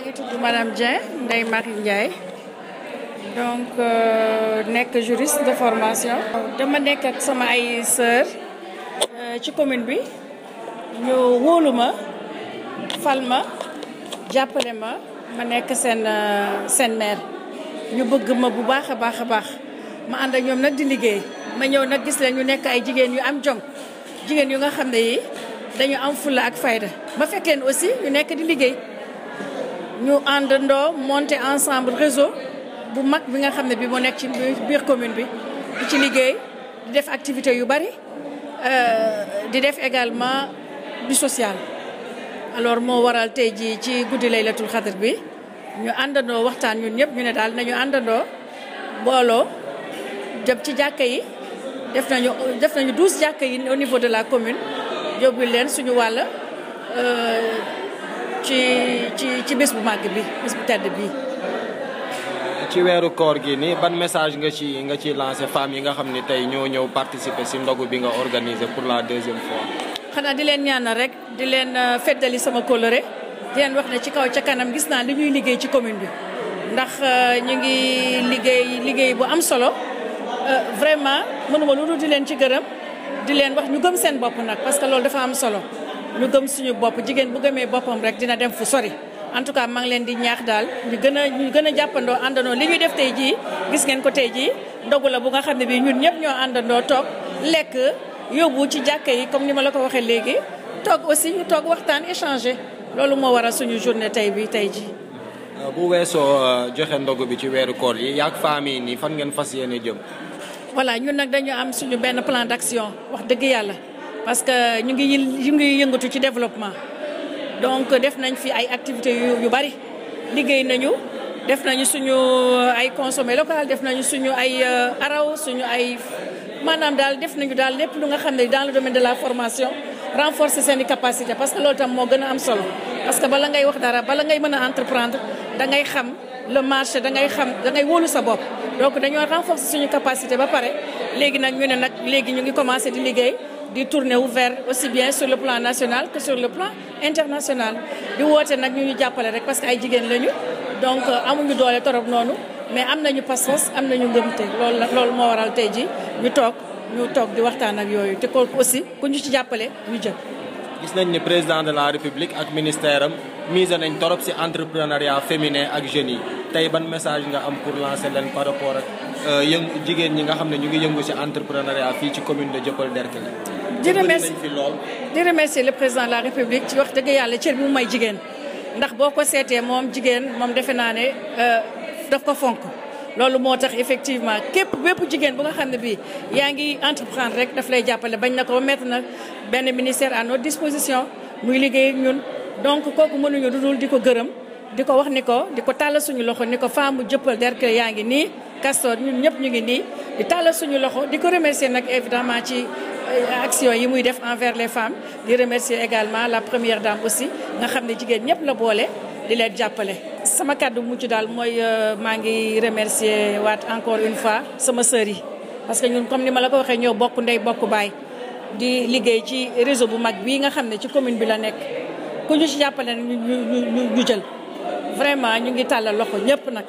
maa ngi tudd madame Dieng Ndeye Marie Ndiaye donc euh, nekk juriste de formation. dama nekk ak sama ay sœur euh, ci commune bi ñu wóolu ma fal ma jàppale ma ma nekk seen euh, seen ñu bëgg ma bu baax a baax a baax ma ànd ak ñoom nag di liggéey ma ñëw nag gis leen ñu nekk ay jigéen yu am jom jigéen yu nga xam ne yi dañu am fulla ak fayda ma fekk leen aussi ñu nekk di liggéey. ñu àndandoo monter ensemble réseau bu mag bi nga xamné bi mo nek ci biir commune bi di ci liguey di def activité yu bari euh, di def également du social alors mo waral tey jii ci goudi laylatul khadr bi ñu àndandoo waxtaan ñun ñep ñu ne dal nañu àndandoo bolo jëm ci jàkka yi def nañu def nañu douze jàkka yi au niveau de la commune jobul leen suñu euh ci ci ci bés bu màgg bi bés bu tedd bi ci wéru koor gi ni ban message nga ci nga ci lancer femmes yi nga xam ni tey ñoo ñëw participer si ndogu bi nga organiser pour la deuxième fois xanaa di leen ñaanal rek di leen euh, feddali sama coloré di leen wax ne ci kaw ca kanam gis naa li ñuy liggéey ci commune bi ndax euh, ñu ngi liggéey liggéey bu am solo euh, vraiment mënuma lu di leen ci gërëm di leen wax ñu gëm seen parce que dafa am solo ñu gëm suñu bopp jigéen bu gëmee boppam rek dina dem fu sori en tout cas maa ngi leen di ñaax daal ñu gën ñu gën a jàppandoo li ñu def tey jii gis ngeen ko tey jii dogu la bu nga xam ne bii ñun ñëpp ñoo àndandoo tok lekk yóbbu ci jàkka yi comme ni la ko waxee léegi toog aussi ñu toog waxtaan échanger loolu moo waral suñu journée bi tey jii. Euh, bu weesoo euh, joxe ndogu bi ci weeru koor yi yaag famille ni fan ngeen jëm. voilà ñun dañu am suñu benn plan d' action wax parce que ñu ngi ñu ngi yëngatu ci développement donc def nañ fi ay activités yu yu bari liggéey nañu def nañu suñu euh, ay consommer local def nañu suñu ay euh, araw suñu ay manam dal def nañu dal lepp lu nga xamné dans le domaine de la formation renforcer seen i capacité parce que loolu tam moo gën a am solo parce que bala ngay wax dara bala ngay mën a entreprendre da ngay xam le marché da ngay xam da ngay wóolu sa bopp donc dañoo renforcer suñu capacité ba pare léegi nag ñu ne nag léegi ñu ngi commencé di liggéey di tourner ouvert aussi bien sur le plan national que sur le plan international di woote nak ñu ñu jàppale rek parce que ay jigen lañu donc euh, amuñu doole torop nonu mais amna ñu pas amna ñu nañu ngëmte lool la loolu waral tay ji ñu tok ñu tok di waxtaan ak yoyu te ko aussi ku ñu ci jappalé ñu jëm. gis nañ ni président de la république ak ministère mise nañ torop ci entrepreneuriat féminin ak jeunes yi tey ban message nga am pour lancer leen par rapport ak euh, yëngu jigéen ñi nga xam ne ñu ngi yëngu ci entrepreneuriat fii ci commune de Dieuppeul Derklé. di remercier di remercier le président de la république ci wax dëgg yàlla cër bi mu may jigéen ndax boo ko seetee moom jigéen moom defe naa ne euh, daf ko fonk. loolu moo tax effectivement képp bépp jigéen bu nga xam ne bii yaa ngi entreprendre rek daf lay jàppale bañ na ko mettre na benn ministère à disposition donc kooku mënuñu dudul di ko gërëm di ko wax ni ko di ko tàllal suñu loxo ni ko faamu jëppal derke yaa ngi nii Castor ñun ñëpp ñu ngi nii di tàllal suñu loxo di ko remercier nag évidemment ci euh, action yi muy def envers les femmes di remercier également la première dame aussi nga xam ne jigéen ñëpp la boole di leen jàppale sama kàddu mucc daal mooy euh, maa ngi remercier waat encore une fois sama sœur yi parce que ñun comme ni ma la ko waxee ñoo bokk ndey bokk baay di liggéey ci réseau bu mag bii nga xam ne ci commune bi la nekk ku ñu si jàppale ñu ñu ñu jël vraiment ñu ngi tàllal loxo ñëpp nag.